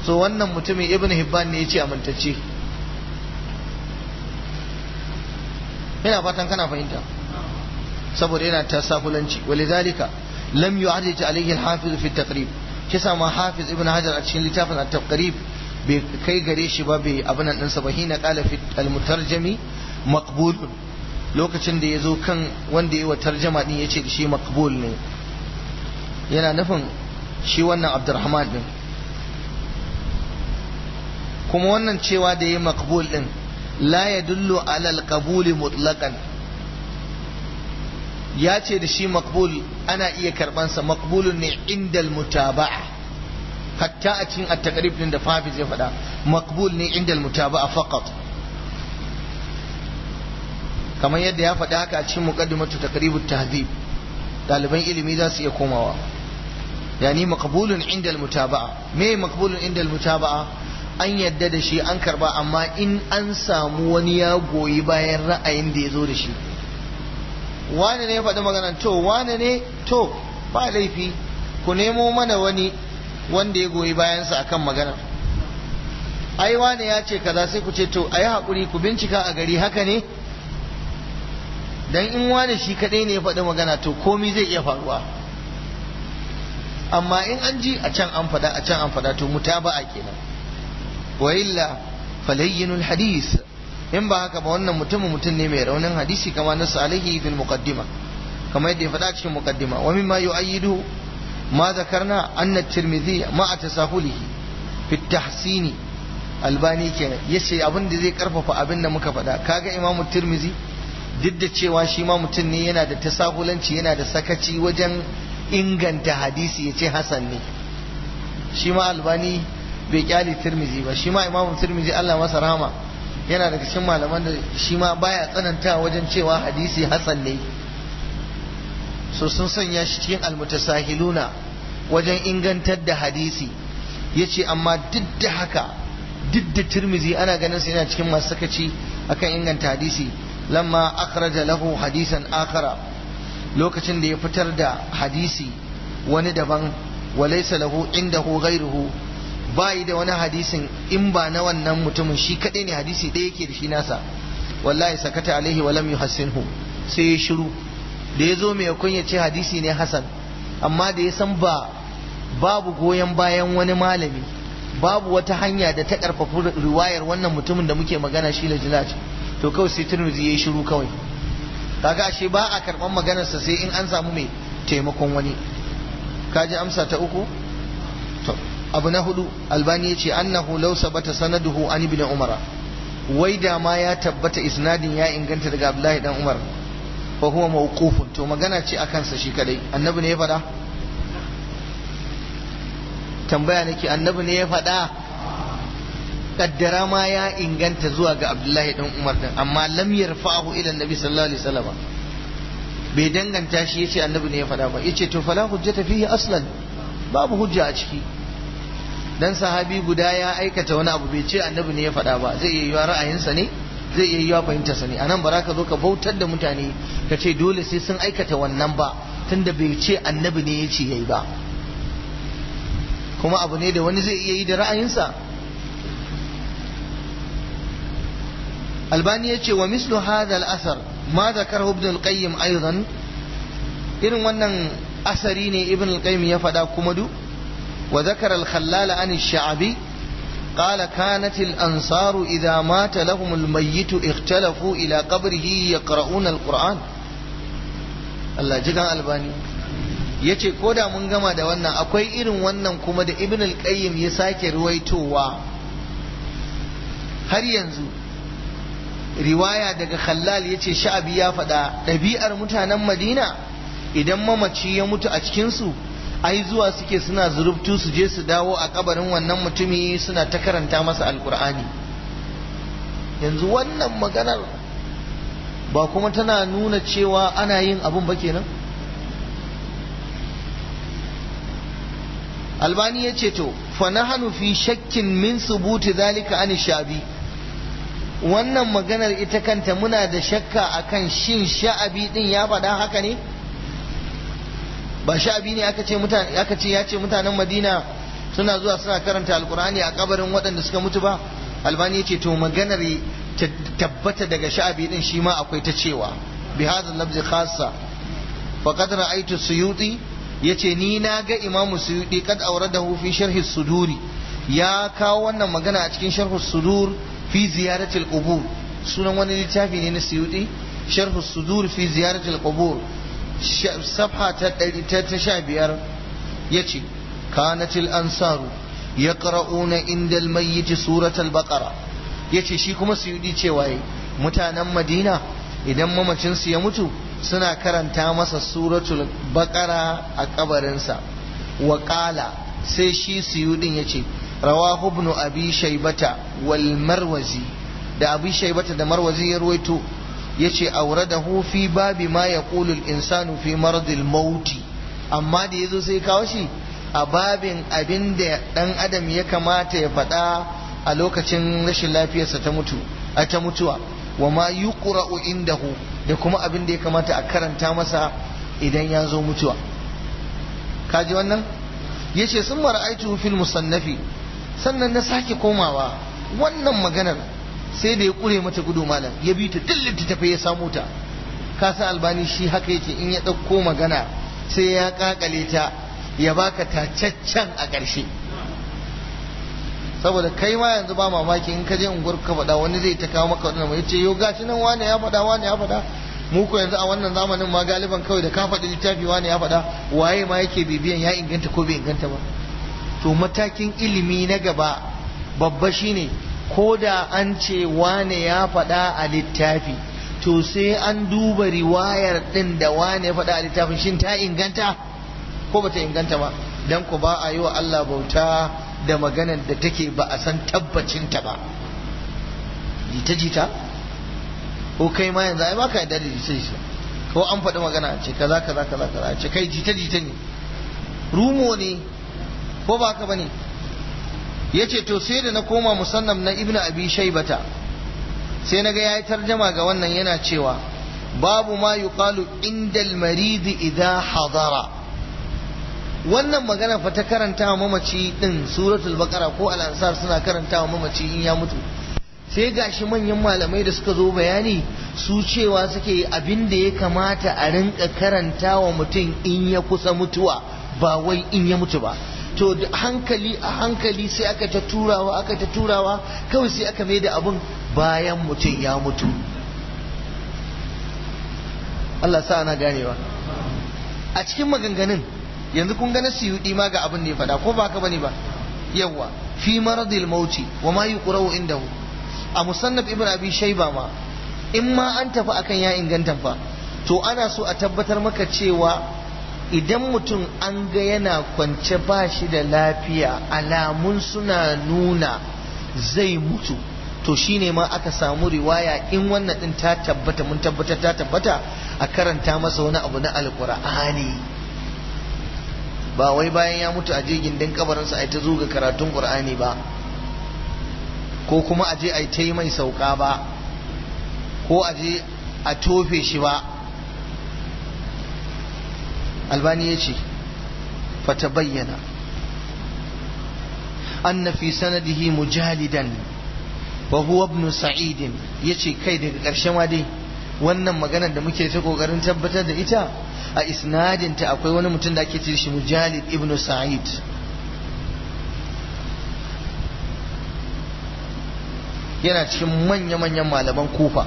so wannan mutumin ibn hibban ne yace amintacce ina fatan kana fahimta saboda yana tasafulanci walidhalika lam yu'arrij alayhi al-hafiz fi at-taqrib kisa ma hafiz ibn hajar a cikin littafin at-taqrib bai kai gare shi ba bai abin nan ɗinsa ba hina qala fi al-mutarjami maqbulun lokacin da ya zo kan wanda ya wa tarjama din ya ce da shi makbul ne yana nufin shi wannan abdurrahman kuma wannan cewa da ya makbul din la ya dullo alal kabuli mutlaqan ya ce da shi makbul ana iya karbansa makbulun ne indal mutaba'a hatta a cikin at ɗin da fafi zai faɗa makbul ne indal mutaba'a faqat kamar yadda ya faɗi haka a cikin muqaddimatu taqribut tahzib ɗaliban ilimi za su iya komawa yani maqbulun inda mutaba'a me maqbulun inda mutaba'a an yadda da shi an karba amma in an samu wani ya goyi bayan ra'ayin da ya zo da shi wane ne ya faɗi maganan to wane ne to ba laifi ku nemo mana wani wanda ya goyi bayansa akan magana ai wane ya ce kaza sai ku ce to ayi haƙuri ku bincika a gari haka ne dan in wani shi kadai ne ya faɗi magana to komi zai iya faruwa amma in an ji a can an faɗa a can an faɗa to mutaba'a kenan wa illa falayyinul hadis in ba haka ba wannan mutumin mutum ne mai raunin hadisi kama na salihi bil muqaddima kamar yadda ya faɗa cikin muqaddima wa mimma yu'ayyidu ma zakarna anna tirmidhi ma atasahulihi fi tahsini albani kenan yace abin da zai karfafa abin da muka faɗa kaga imamu tirmidhi duk da cewa shi ma mutum ne yana da tasahulanci yana da sakaci wajen inganta hadisi ya ce hasan ne shi ma albani bai kyale turmizi ba shi ma imamun turmizi Allah masa rama yana daga cikin malaman da shi ma baya tsananta wajen cewa hadisi hasan ne so sun sanya shi cikin almutasahiluna wajen ingantar da hadisi ya ce amma duk da haka duk da turmizi ana ganin sa yana cikin masu sakaci akan inganta hadisi lamma akhraja lahu hadisan akhara lokacin da ya fitar da hadisi wani daban walaysa lahu indahu ghayruhu bai da wani hadisin in ba na wannan mutumin shi kadai ne hadisi ɗaya yake da shi nasa wallahi sakata alaihi wa lam yuhassinhu sai ya shiru da ya zo mai kunya ce hadisi ne hasan amma da ya san ba babu goyon bayan wani malami babu wata hanya da ta karfafi riwayar wannan mutumin da muke magana shi lajilaj to kawai sai turmizi ya yi shiru kawai kaga ashe ba a karɓar maganarsa sai in an samu mai taimakon wani kaji amsa ta uku to abu na hudu albani ya ce annahu law sabata sanaduhu an ibn umara wai da ma ya tabbata isnadin ya inganta daga abdullahi dan umar fa huwa mawqufun to magana ce akan sa shi kadai annabi ne ya faɗa tambaya nake annabi ne ya faɗa kaddara ma ya inganta zuwa ga abdullahi dan umar din amma lam yarfa'u ila annabi sallallahu alaihi wasallam bai danganta shi yace annabi ne ya faɗa ba yace to fala hujjata fihi aslan babu hujja a ciki dan sahabi guda ya aikata wani abu bai ce annabi ne ya faɗa ba zai iya yiwa ra'ayinsa ne zai iya yiwa sa ne anan ba ka zo ka bautar da mutane ka ce dole sai sun aikata wannan ba tunda bai ce annabi ne yace yayi ba kuma abu ne da wani zai iya yi da ra'ayinsa albani ya ce wa mislu hadha asar athar ma zakarahu ibn al-qayyim aidan irin wannan asari ne ibn al-qayyim ya faɗa kuma du wa zakara al-khallal an ash-sha'bi قال كانت الأنصار إذا مات لهم الميت ila إلى قبره يقرؤون القرآن الله جدا ألباني yace ko da mun gama da wannan akwai irin wannan kuma da ibn al-qayyim ya sake ruwaitowa har yanzu riwaya daga khallal ya ce sha'abi ya faɗa ɗabi'ar mutanen madina idan mamaci ya mutu a cikinsu ai zuwa suke suna zurubtu su je su dawo a kabarin wannan mutumi suna ta karanta masa alkur'ani yanzu wannan maganar ba kuma tana nuna cewa ana yin abun ba kenan albani ya ce to fa hannu fi shakkin min subuti zalika an shabi wannan maganar ita kanta muna da shakka akan shin sha'abi din ya faɗa haka ne ba sha'abi ne aka ce ya ce mutanen Madina suna zuwa suna karanta alkur'ani a kabarin waɗanda suka mutu ba albani ya ce to maganar ta tabbata daga sha'abi din shi ma akwai ta cewa bi hadha lafzi khassa faqad ra'aytu suyuti yace ni na ga imamu suyuti kad da fi sharhi suduri ya kawo wannan magana a cikin sharhi sudur fi ziyaratil qubur sunan wani littafi ne na suyuti sharhu sudur fi ziyaratil qubur safha ta 115 yace kanatil ansaru yaqra'una indal mayyit suratal baqara yace shi kuma suyuti cewa mutanen madina idan mamacinsu ya mutu suna karanta masa suratul baqara a kabarinsa wa sai shi suyudin ya ce Rawa hubnu abi shaybata da abi shaybata da marwazi ya ruwaito yace auradahu fi babi ma yaqulu al insanu fi maradil mauti amma da yazo sai kawo shi a babin abin da dan adam ya kamata ya faɗa a lokacin rashin lafiyarsa ta mutu ta mutuwa wa ma yuqra'u indahu da kuma abin da ya kamata a karanta masa idan ya zo mutuwa kaji wannan yace sun mara'aitu fil musannafi sannan na sake komawa wannan maganar sai da ya kure mata gudu malam ya bi ta duk littattafai ya samu ta kasa albani shi haka yake in ya ɗauko magana sai ya kakale ta ya baka tacaccen a ƙarshe saboda kai ma yanzu ba mamaki in ka je unguwar ka faɗa wani zai ta kawo maka wannan mai ce yo gashi nan wani ya faɗa wani ya faɗa mu yanzu a wannan zamanin ma galiban kawai da ka faɗi littafi wani ya faɗa waye ma yake bibiyan ya inganta ko bai inganta ba to matakin ilimi na gaba babba shine ko da an ce wane ya faɗa a littafi to sai an duba riwayar ɗin da wane ya faɗa a littafin shin ta inganta ko ba ta inganta ba dan ku ba a yi wa Allah bauta da maganar da take ba a san tabbacin ta ba jita jita ko kai ma yanzu ai ba ka yarda da jita jita ko an faɗi magana ce kaza kaza kaza kaza ce kai jita jita ne rumo ne ko ba haka bane yace to sai da na koma musannam na ibnu abi shaybata sai naga yayi tarjama ga wannan yana cewa babu ma yuqalu indal marid idha hadara wannan magana fa ta karanta wa mamaci din suratul baqara ko al-ansar suna karanta wa mamaci in ya mutu sai gashi manyan malamai da suka zo bayani su cewa suke abin da ya kamata a rinka karanta wa mutum in ya kusa mutuwa ba wai in ya mutu ba to hankali a hankali sai aka ta turawa aka ta turawa kawai sai aka mai da abun bayan mutum ya mutu Allah sa ana ganewa a cikin maganganun yanzu kun ga na yi ma ga abin ne fada ko ba ka bane ba Yawwa fi maradil mauti wa ma inda indahu a musannaf ibn abi shayba ma in ma an tafi akan ya inganta fa to ana so a tabbatar maka cewa idan mutum an ga yana kwance ba shi da lafiya alamun suna nuna zai mutu to shi ne ma aka samu riwaya in wannan din ta tabbata mun tabbata ta tabbata a karanta masa wani abu na alkur'ani ba wai bayan ya mutu a je gindin kabarinsa a yi ta zuga karatun qur'ani ba ko kuma a je a yi ta yi mai sauka ba ko a je a tofe shi ba albani ya ce fata bayyana an na fi sanadihi mujalidan wa huwa ibn sa'id yace kai daga ƙarshe ma dai wannan maganar da muke ta kokarin tabbatar da ita a isnadin akwai wani mutum da ake ce shi mujalid ibn sa'id yana cikin manya-manyan malaman kufa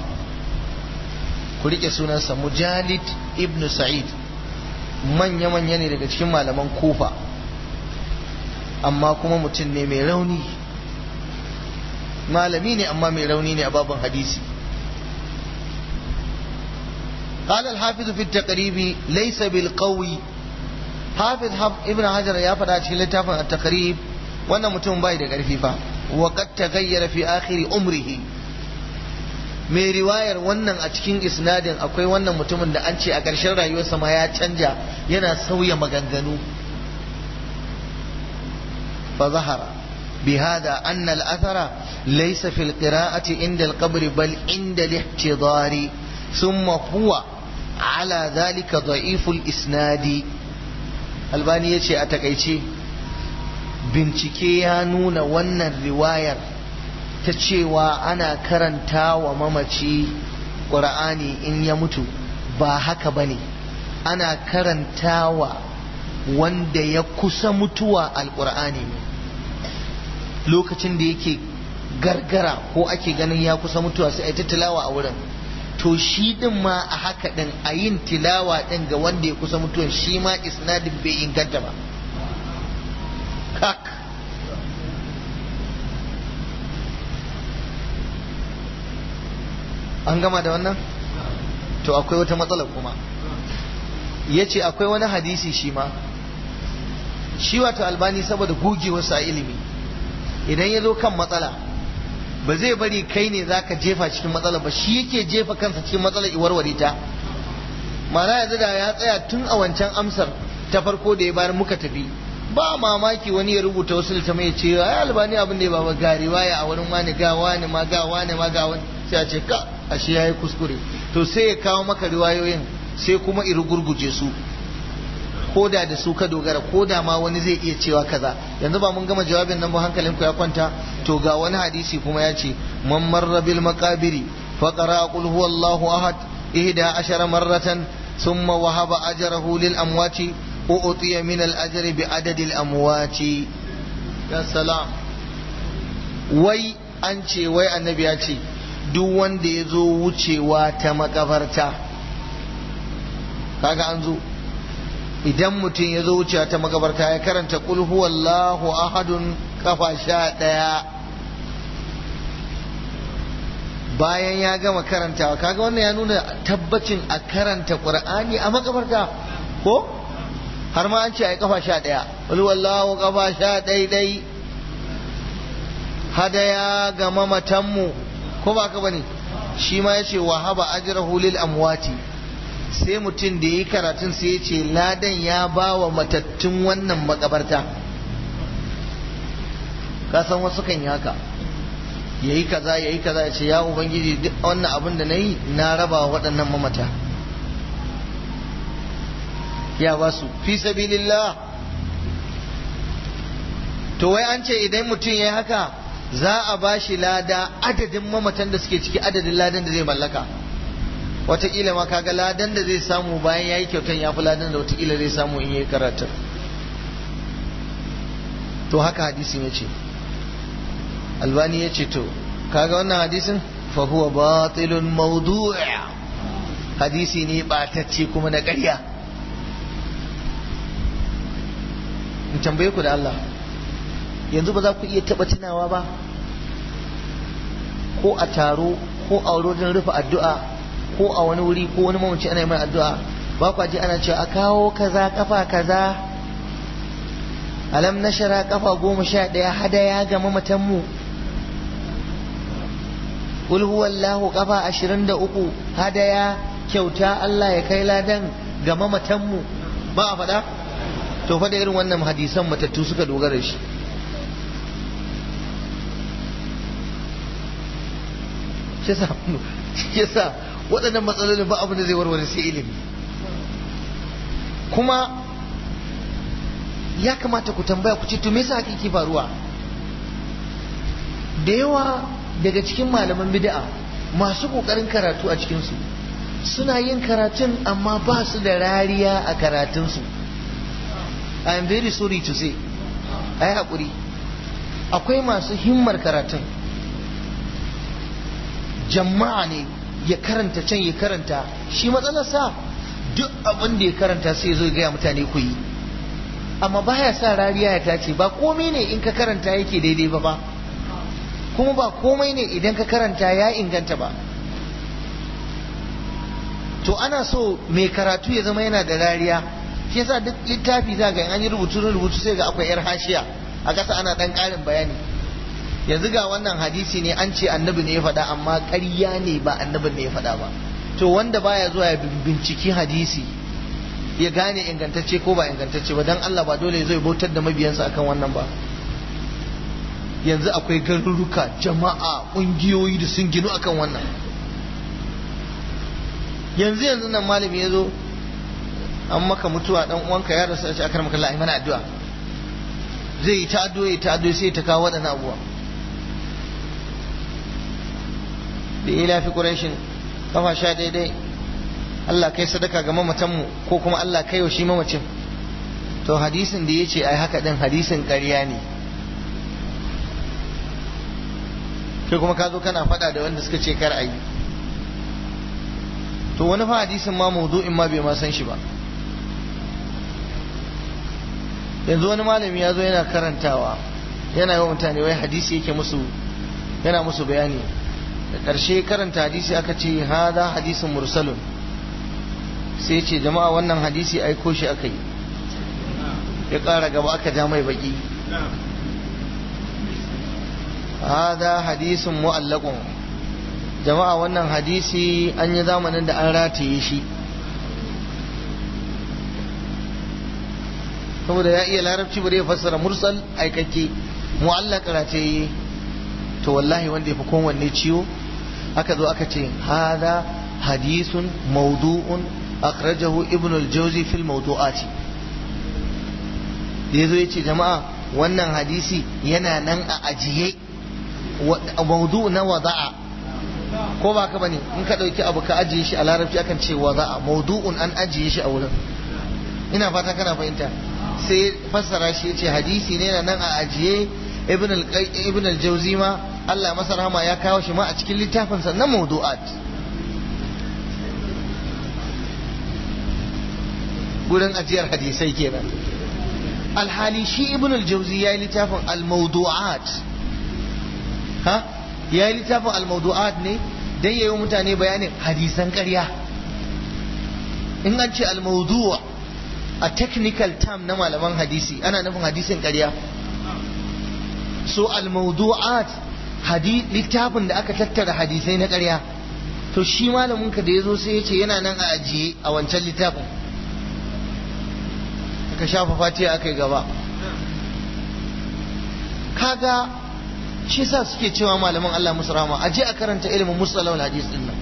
ku rike sunansa mujalid ibn sa'id manya-manya ne daga cikin malaman kufa amma kuma mutum ne mai rauni malami ne amma mai rauni ne a babin hadisi قال الحافظ في التقريب ليس بالقوي حافظ ابن حجر يا فدا cikin littafin at-taqrib wannan mutum bai da karfi fa wa fi akhir umrihi mai riwayar wannan a cikin isnadin akwai wannan mutumin da an ce a ƙarshen rayuwarsa ma ya canja yana sauya maganganu fa zahara bi hada anna al-athara laysa fil qira'ati inda al-qabr bal inda al-ihtidari thumma huwa ala dhalika da'if al-isnadi albani yace a takaice bincike ya nuna wannan riwayar ta cewa ana karanta wa mamaci ƙur'ani in ya mutu ba haka ba ne ana karanta wa wanda ya kusa mutuwa alƙur'ani ne lokacin da yake gargara ko ake ganin ya kusa mutuwa sai a yi ta tilawa a wurin to shi din ma a haka din a yin tilawa din ga wanda ya kusa mutuwa shi ma isnadin bai inganta ba an gama da wannan to akwai wata matsala kuma ya ce akwai wani hadisi shi ma shi wato albani saboda wasu a ilimi idan ya zo kan matsala ba zai bari kai ne za ka jefa cikin matsala ba shi yake jefa kansa cikin matsala iwarware ta mana yanzu da ya tsaya tun a wancan amsar ta farko da ya bayar muka tafi ba mamaki wani ya rubuta wasu ta ya ce ya albani abin da ya baba ga riwaya a wurin wani ga wani ma ga wani ma ga wani sai ce ka ashe yi kuskure to sai ya kawo maka riwayoyin sai kuma iri gurguje su koda da su ka dogara koda ma wani zai iya cewa kaza yanzu ba mun gama jawabin nan ba hankalin ku ya kwanta to ga wani hadisi kuma ya ce man marra bil maqabiri fa qara qul huwallahu ahad ihda ashara marratan thumma wahaba ajrahu lil amwati u'tiya min al ajri bi adadi al amwati ya salam wai an ce wai annabi ya ce duk wanda ya zo wucewa ta makabarta kaga an zo idan mutum ya zo wucewa ta makabarta ya karanta kul huwallahu ahadun kafa sha ɗaya bayan ya gama karantawa kaga wannan ya nuna tabbacin a karanta qur'ani a makabarta ko har ma an ce ai kafa sha ɗaya kul huwallahu kafa sha ɗai hadaya ga mamatanmu ko ba ka bane shi ma yace wa haba ajrahu lil amwati sai mutum da yi karatun sai yace ladan ya bawa matattun wannan makabarta ka san wasu kan yi haka yi kaza ya yi kaza ya ce ya ubangiji duk wannan abin da na yi na raba waɗannan mamata ya basu fi sabilillah to wai an ce idan mutum ya yi haka za a ba shi lada adadin mamatan da suke ciki adadin ladan da zai mallaka wataƙila ma kaga ladan da zai samu bayan ya yi kyautan ya fi ladan da wataƙila zai samu in yi karatun to haka hadisin ya ce albani ya ce to kaga wannan hadisin fahuwa huwa batilun mawdu' hadisi ne ɓatacce kuma na ƙarya in tambaye ku da Allah yanzu ba za ku iya taɓa tunawa ba ko a taro ko a wurin rufe addu'a ko a wani wuri ko wani mamaci ana yi mai addu'a ba ku ji ana cewa a kawo kaza kafa kaza alam nashara kafa goma sha ɗaya hadaya ga mamatanmu kul huwallahu kafa ashirin da uku hadaya kyauta Allah ya kai ladan ga mamatanmu ba a faɗa to fa da irin wannan hadisan matattu suka dogara shi shi sa sa waɗannan matsalolin ba abu da zai warware sai ilimi kuma ya kamata ku tambaya ku ce to me yasa hakan ke faruwa da yawa daga cikin malaman bid'a masu kokarin karatu a cikinsu suna yin karatun amma ba su da rariya a karatunsu I am very sorry to say ai haƙuri akwai masu himmar karatun jama'a ne ya karanta can ya karanta shi matsalarsa duk abin da ya karanta sai zo gaya mutane ku yi amma baya sa rariya ya tace ba komai ne in ka karanta yake daidai ba ba kuma ba komai ne idan ka karanta ya inganta ba to ana so mai karatu ya zama yana da rariya shi yasa duk littafi za ga an yi rubutu rubutu sai ga akwai yar hashiya a ƙasa ana ɗan ƙarin bayani yanzu ga wannan hadisi ne an ce annabi ne ya faɗa amma ƙarya ne ba annabin ne ya faɗa ba to wanda baya zuwa ya binciki hadisi ya gane ingantacce ko ba ingantacce ba dan Allah ba dole ya bautar da mabiyansa akan wannan ba yanzu akwai garuruka jama'a ƙungiyoyi da sun ginu akan wannan yanzu yanzu nan malami ya zo an maka mutuwa dan uwanka ya rasu a ce akar maka mana addu'a zai yi ta addu'a yi ta addu'a sai ta kawo waɗannan abubuwa bi ila fi quraishin kafa sha daidai Allah kai sadaka ga mamatanmu ko kuma Allah kai wa shi mamacin to hadisin da yace ai haka din hadisin ƙarya ne kai kuma ka zo kana faɗa da wanda suka ce kar ayi to wani fa hadisin ma mawdu'in ma bai ma san shi ba yanzu wani malami ya zo yana karantawa yana yi wa mutane wai hadisi yake musu yana musu bayani da ƙarshe karanta hadisi aka ce hada hadisin mursalun sai ce jama'a wannan hadisi aiko shi aka yi ya ƙara gaba aka ja mai baki hada hadisin mu'allaqun jama'a wannan hadisi an yi zamanin da an rataye shi saboda ya iya larabci bude ya fassara mursal aikakke mu'allaq rataye to wallahi wanda ya fi kowanne ciwo aka zo aka ce hada hadisun maudu'un akhrajahu ibn al-jawzi fil mawdu'ati yazo yace jama'a wannan hadisi yana nan a ajiye maudu na wada'a ko ba ka bane in ka dauki abu ka ajiye shi a larabci akan ce wada'a maudu'un an ajiye shi a wurin ina fata kana fahimta sai fassara shi yace hadisi ne yana nan a ajiye ibn al-jawzi ma Allah masa rahama ya kawo shi ma a cikin littafinsa na mawdu'at gurin ajiyar hadisai kenan alhali shi ibn al-jawzi yayi littafin al-mawdu'at ha yi littafin al-mawdu'at ne dan yayin mutane bayanin hadisan ƙarya in an ce al-mawdu' a technical term na malaman hadisi ana nufin hadisin ƙarya so al-mawdu'at littafin da aka tattara hadisai na karya to shi malamin ka da ya zo sai ya ce yana nan a ajiye a wancan littafin aka shafa fatiya aka yi gaba kaga shi sa suke cewa malaman Allah musu rama a je a karanta ilimin musalawal hadis din nan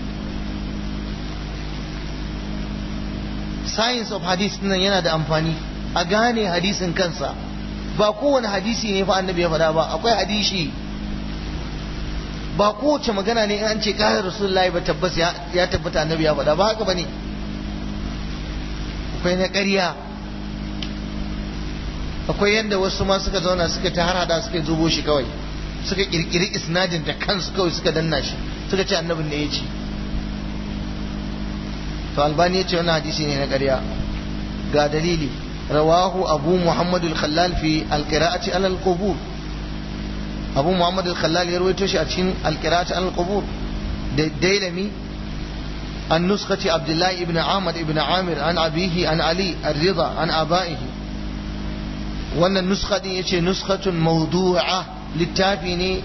science of hadis din nan yana da amfani a gane hadisin kansa ba kowane hadisi ne fa annabi ya faɗa ba akwai hadisi ba kowace magana ne in an ce kare rasulullahi ba tabbas ya tabbata annabi ya faɗa ba haka ne akwai na ƙarya akwai yadda wasu ma suka zauna suka ta hada suka zubo shi kawai suka ƙirƙiri isnadin da kansu kawai suka danna shi suka ce annabin ne ya ce to albani ya ce wani hadisi ne na ƙarya ga dalili rawahu abu muhammadu al-khallal fi al-qira'ati al qubur abu muhammad al-khallal ya rawaito shi a cikin al-qira'at al-qubur da dailami an nuskati abdullahi ibn ahmad ibn amir an abihi an ali ar-rida an abaihi wannan nuska din yace nuskatun mawdu'a littafi ne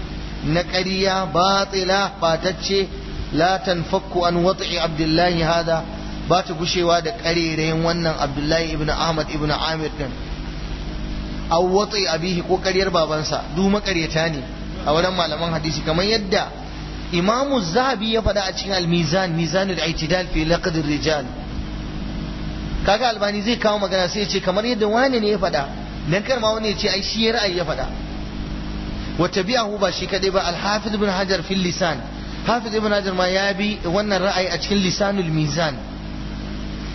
na ƙarya batila batacce la tanfakku an wat'i abdullahi hada ba ta gushewa da ƙarerayin wannan abdullahi ibn ahmad ibn amir din aw watsi abihi ko ƙaryar babansa du makaryata ne a wurin malaman hadisi kamar yadda imamu zahabi ya faɗa a cikin al-mizan mizanul i'tidal fi laqd rijal kaga albani zai kawo magana sai ya ce kamar yadda wani ne ya faɗa dan kar ma wani ya ce ai shi ra'ayi ya faɗa wa tabi'ahu ba shi kadai ba al-hafiz ibn hajar fil lisan hafiz ibn hajar ma ya bi wannan ra'ayi a cikin lisanul mizan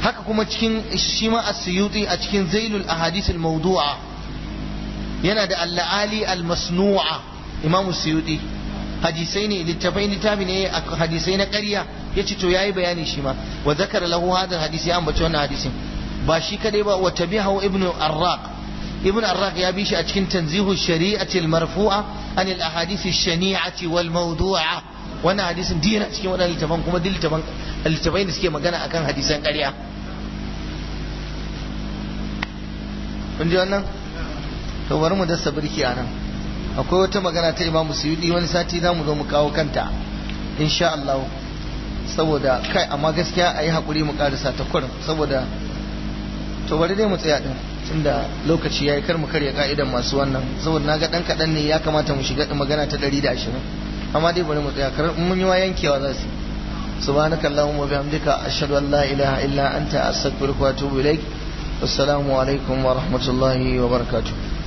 haka kuma cikin shima as-suyuti a cikin zailul ahadith al-mawdu'a yana da al-ali al-masnu'a imam suyuti hadisai ne littafai littafi ne hadisai na ƙarya yace to yayi bayani shi ma wa zakara lahu hadha hadisi an bace wannan hadisin ba shi kadai ba wa tabi tabi'ahu Ibn arraq Ibn arraq ya bi shi a cikin tanzihu shari'ati al-marfu'a an al-ahadith ash-shani'ati wal mawdu'a wannan hadisin dina cikin wadannan littafan kuma duk littafan littafai da suke magana akan hadisan ƙarya kun ji wannan to bari mu dasa birki anan akwai wata magana ta Imam Suyudi wani sati za mu zo mu kawo kanta insha Allah saboda kai amma gaskiya a yi haƙuri mu ƙarisa ta kurin saboda to bari dai mu tsaya din tunda lokaci ya yi kar mu karya ka'idan masu wannan saboda na ga ɗan kaɗan ne ya kamata mu shiga magana ta ɗari da ashirin amma dai bari mu tsaya kar mun yi wa yankewa za su سبحانك اللهم وبحمدك أشهد أن لا إله إلا أنت أستغفرك وأتوب إليك والسلام عليكم ورحمة الله وبركاته